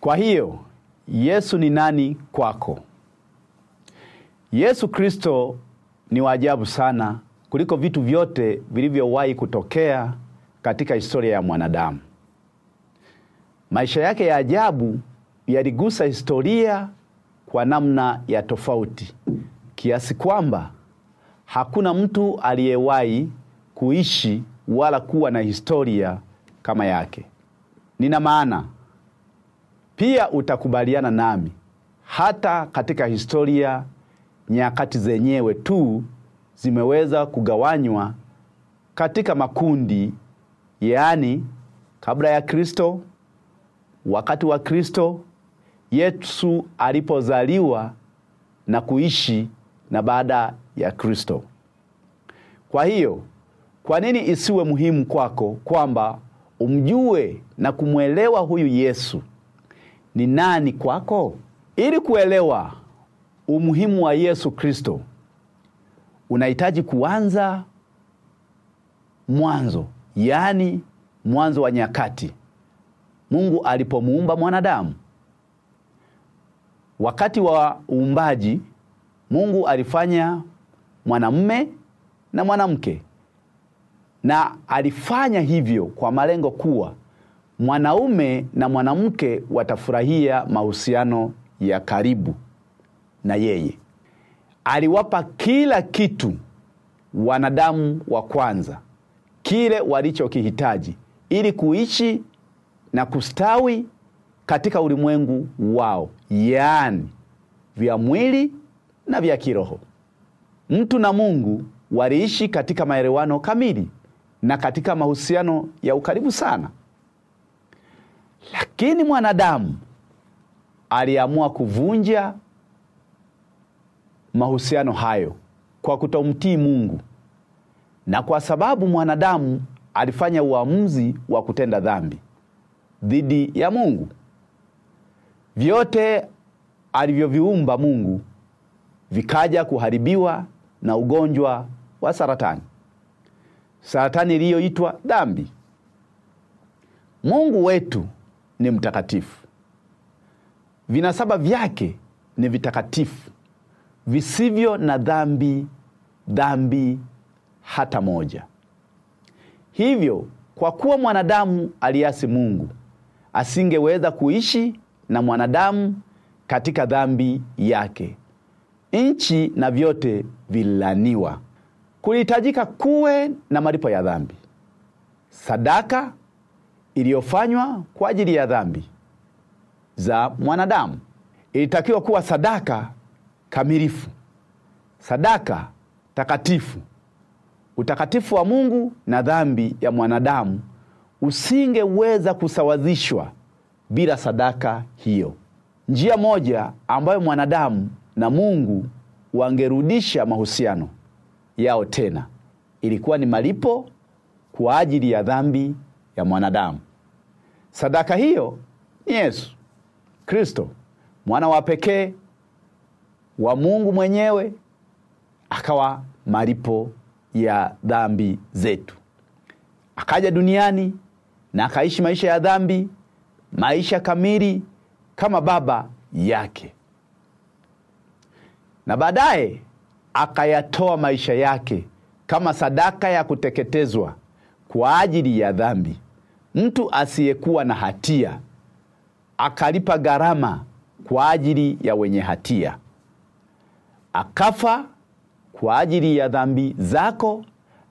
Kwa hiyo Yesu ni nani kwako? Yesu Kristo ni waajabu sana kuliko vitu vyote vilivyowahi kutokea katika historia ya mwanadamu. Maisha yake ya ajabu yaligusa historia kwa namna ya tofauti kiasi kwamba hakuna mtu aliyewahi kuishi wala kuwa na historia kama yake. Nina maana pia utakubaliana nami, hata katika historia nyakati zenyewe tu zimeweza kugawanywa katika makundi, yaani kabla ya Kristo, wakati wa Kristo, Yesu alipozaliwa na kuishi na baada ya Kristo. Kwa hiyo, kwa nini isiwe muhimu kwako kwamba umjue na kumwelewa huyu Yesu ni nani kwako. Ili kuelewa umuhimu wa Yesu Kristo, unahitaji kuanza mwanzo, yaani mwanzo wa nyakati, Mungu alipomuumba mwanadamu. Wakati wa uumbaji, Mungu alifanya mwanamume na mwanamke, na alifanya hivyo kwa malengo kuwa mwanaume na mwanamke watafurahia mahusiano ya karibu na yeye. Aliwapa kila kitu wanadamu wa kwanza, kile walichokihitaji ili kuishi na kustawi katika ulimwengu wao, yaani vya mwili na vya kiroho. Mtu na Mungu waliishi katika maelewano kamili na katika mahusiano ya ukaribu sana lakini mwanadamu aliamua kuvunja mahusiano hayo kwa kutomtii Mungu, na kwa sababu mwanadamu alifanya uamuzi wa kutenda dhambi dhidi ya Mungu, vyote alivyoviumba Mungu vikaja kuharibiwa na ugonjwa wa saratani, saratani iliyoitwa dhambi. Mungu wetu ni mtakatifu, vinasaba vyake ni vitakatifu, visivyo na dhambi dhambi hata moja. Hivyo kwa kuwa mwanadamu aliasi Mungu, asingeweza kuishi na mwanadamu katika dhambi yake, nchi na vyote vililaniwa. Kulihitajika kuwe na malipo ya dhambi, sadaka iliyofanywa kwa ajili ya dhambi za mwanadamu ilitakiwa kuwa sadaka kamilifu, sadaka takatifu. Utakatifu wa Mungu na dhambi ya mwanadamu usingeweza kusawazishwa bila sadaka hiyo. Njia moja ambayo mwanadamu na Mungu wangerudisha mahusiano yao tena ilikuwa ni malipo kwa ajili ya dhambi ya mwanadamu. Sadaka hiyo ni Yesu Kristo, mwana wa pekee wa Mungu mwenyewe, akawa malipo ya dhambi zetu. Akaja duniani na akaishi maisha ya dhambi, maisha kamili kama baba yake, na baadaye akayatoa maisha yake kama sadaka ya kuteketezwa kwa ajili ya dhambi mtu asiyekuwa na hatia akalipa gharama kwa ajili ya wenye hatia, akafa kwa ajili ya dhambi zako,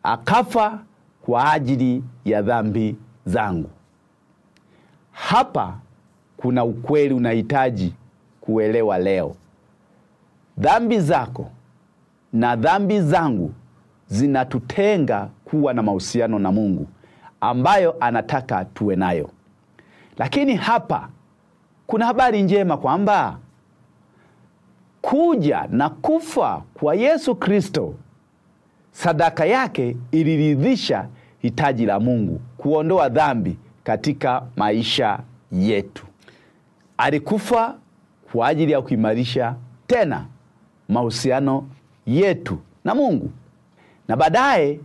akafa kwa ajili ya dhambi zangu. Hapa kuna ukweli unahitaji kuelewa leo. Dhambi zako na dhambi zangu zinatutenga kuwa na mahusiano na Mungu ambayo anataka tuwe nayo. Lakini hapa kuna habari njema kwamba kuja na kufa kwa Yesu Kristo, sadaka yake iliridhisha hitaji la Mungu kuondoa dhambi katika maisha yetu. Alikufa kwa ajili ya kuimarisha tena mahusiano yetu na Mungu, na baadaye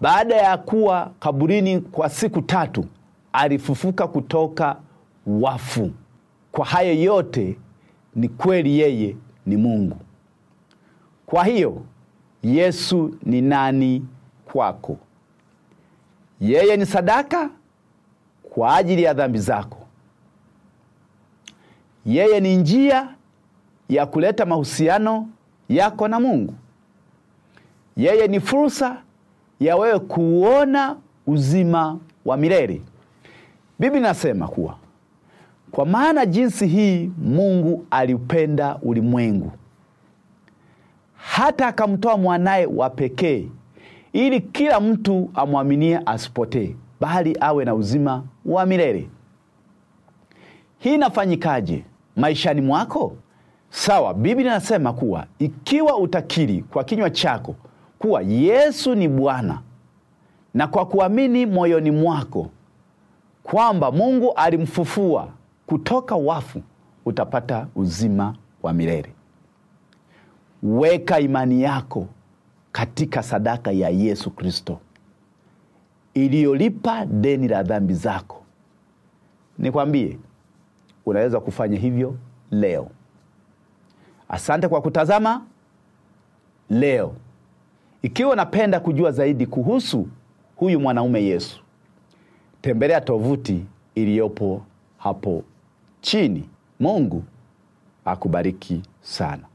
baada ya kuwa kaburini kwa siku tatu, alifufuka kutoka wafu. Kwa hayo yote ni kweli, yeye ni Mungu. Kwa hiyo Yesu ni nani kwako? Yeye ni sadaka kwa ajili ya dhambi zako. Yeye ni njia ya kuleta mahusiano yako na Mungu. Yeye ni fursa ya wewe kuona uzima wa milele. Biblia inasema kuwa kwa maana jinsi hii Mungu aliupenda ulimwengu hata akamtoa mwanaye wa pekee ili kila mtu amwaminie asipotee, bali awe na uzima wa milele. Hii inafanyikaje maishani mwako? Sawa, Biblia inasema kuwa ikiwa utakiri kwa kinywa chako kuwa Yesu ni Bwana na kwa kuamini moyoni mwako kwamba Mungu alimfufua kutoka wafu utapata uzima wa milele. Weka imani yako katika sadaka ya Yesu Kristo iliyolipa deni la dhambi zako. Nikwambie, unaweza kufanya hivyo leo. Asante kwa kutazama leo. Ikiwa unapenda kujua zaidi kuhusu huyu mwanaume Yesu, tembelea tovuti iliyopo hapo chini. Mungu akubariki sana.